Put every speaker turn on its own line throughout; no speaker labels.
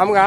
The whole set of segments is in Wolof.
am nga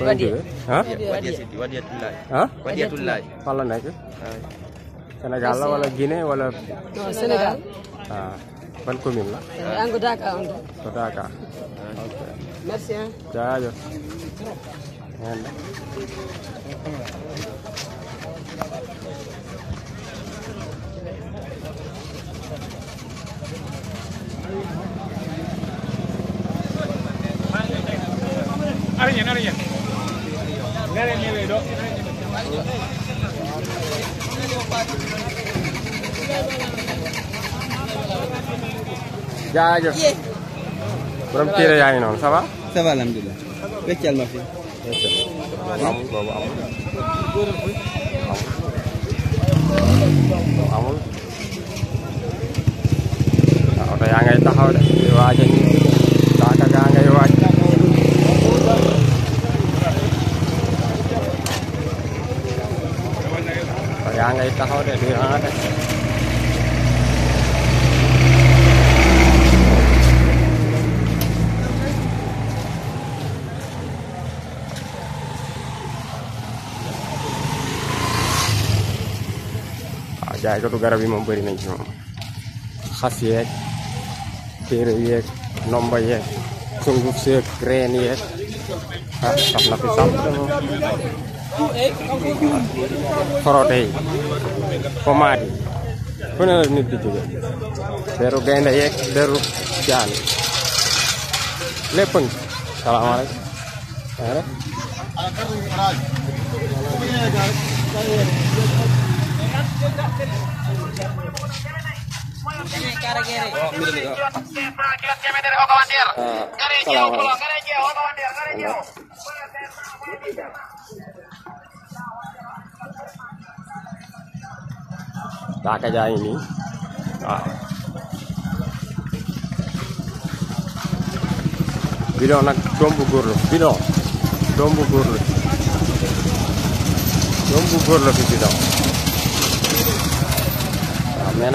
Wadiah. Ha? Wadiah City, Wadiah Tulai. Ha? Wadiah Tulai. Pala naik ah. ke? Senegal wala Guinea wala Senegal. Ah, Ban commune la? Angu Dakar on. Ko Dakar. Okay. Merci. Jaajëf. Thank you. Araña, araña. Araña, vero. Ya, yo. Brom tire ya non, ça va Ça va alhamdoulillah. Wéccal ma fi. Amul boobu amul. Amul. Amul. Waaw, yaa ngay taxaw de, waajal ahí está joder, tío, ahora. जाए तो गरब ही मुंबई नहीं छो खस एक फिर एक नंबर एक सुंगुप से क्रेन एक अपना पिसाब तो खरोटे pomaat yi fu ne la nit di jóge deru gaynde yeeg deru jaan lépp ngi salaamaaleykum Oh, daaka jaa ini nii waaw bidon nag doom bu góor la bidon doom bu góor la doom bu góor la fi bidon waaw mais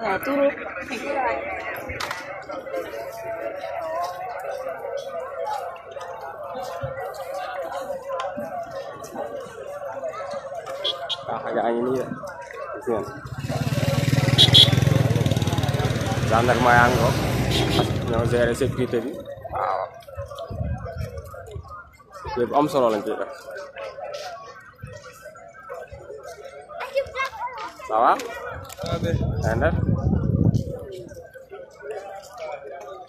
nah turu nah agak angin ini ya Itu. Ya. Jangan mayang kok. Yang saya resep gitu ini. Wow. Web om solo lagi. Sawah? Ada. Zander.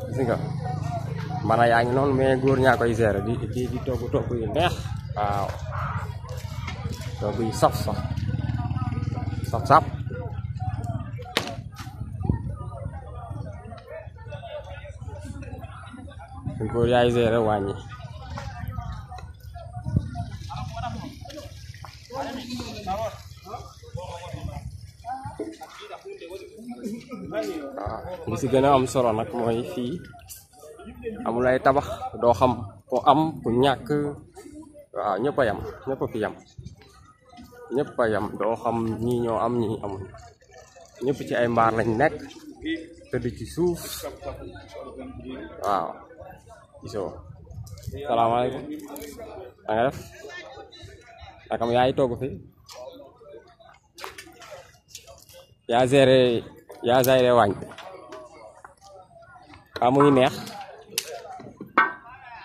gis nga mana yaa ngi noonu mais góor ñaa koy gérer di di di togg togg yu neex waaw togg yu saf sax saf saf góor yaay gérer wàññi Por favor. waaw li si gën am solo nag mooy fii amul ay tabax doo xam am ku ñàkk waaw ñëpp a yam ñëpp a fi yam ñëpp a yam doo xam ñoo am ñii amul ñëpp ci ay mbaar lañ nekk tëdd ci suuf waaw gisoo salaamaaleykum da nga def nakam yaay togg fi yaa géré ya zay de waañ ba mu neex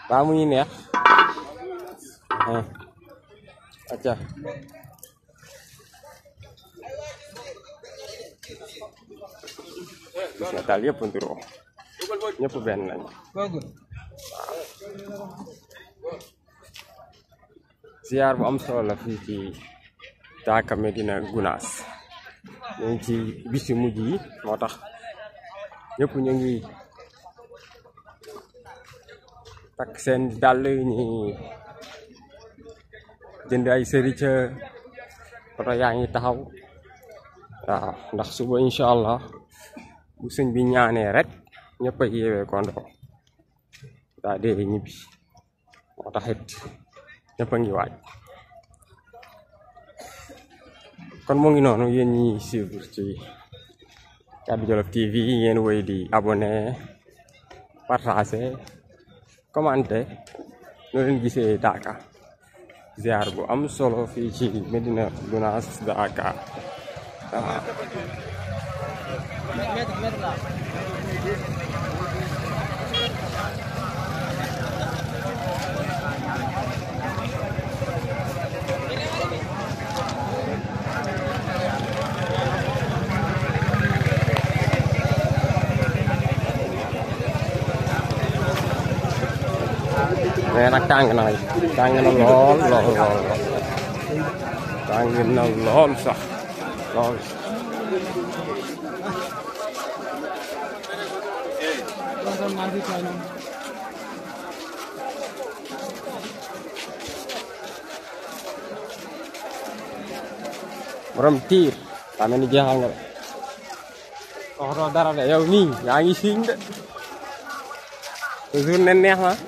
ba mu neex ha acha nga daal yëpp nduroo ñëpp benn lañ ziar bu am solo la fi ci Daaka Medina Gunaas ñoo ci bis yu mujj yi moo tax ñëpp ñu ngi takk seen dàll ni jënd ay sëri ca oto yaa ngi taxaw waaw ndax suba insha allah bu sëñ bi ñaanee rek ñëpp a yeewee kondo daa dee ñibbi moo taxit ñëpp a ngi waaj kon mu ngi noonu yéen ñi suivre ci Kaddu Jolof TV yéen woy di abonné partagé commenté noo leen gisee Daaka ziar bu am solo fii ci Médina Gounass Daaka nee na tàng na tàng na lool lool lool tàng na lool sax lool borom tiir daa mel ni jeexal nga de waxtoo dara de yow nii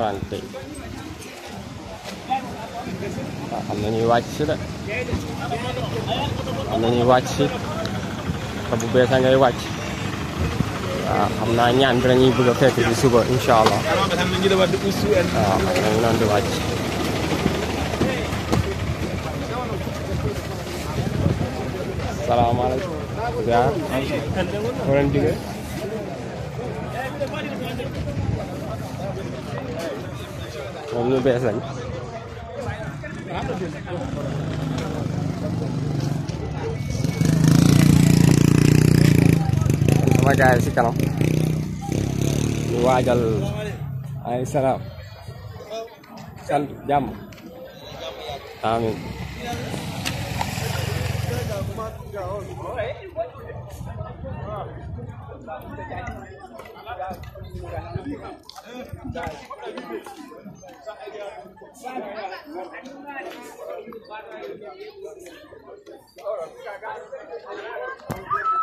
rantai
wajib? Kamu
kabubesanga iwachi hamna nyandra nyi buga Kamu di suba inshallah nande nanti salaamaaleykum Assalamualaikum. Ya. Orang juga? moom ñu bees sama kayak si kanam ñu waajal ay salaam kan amin Thank you. All right.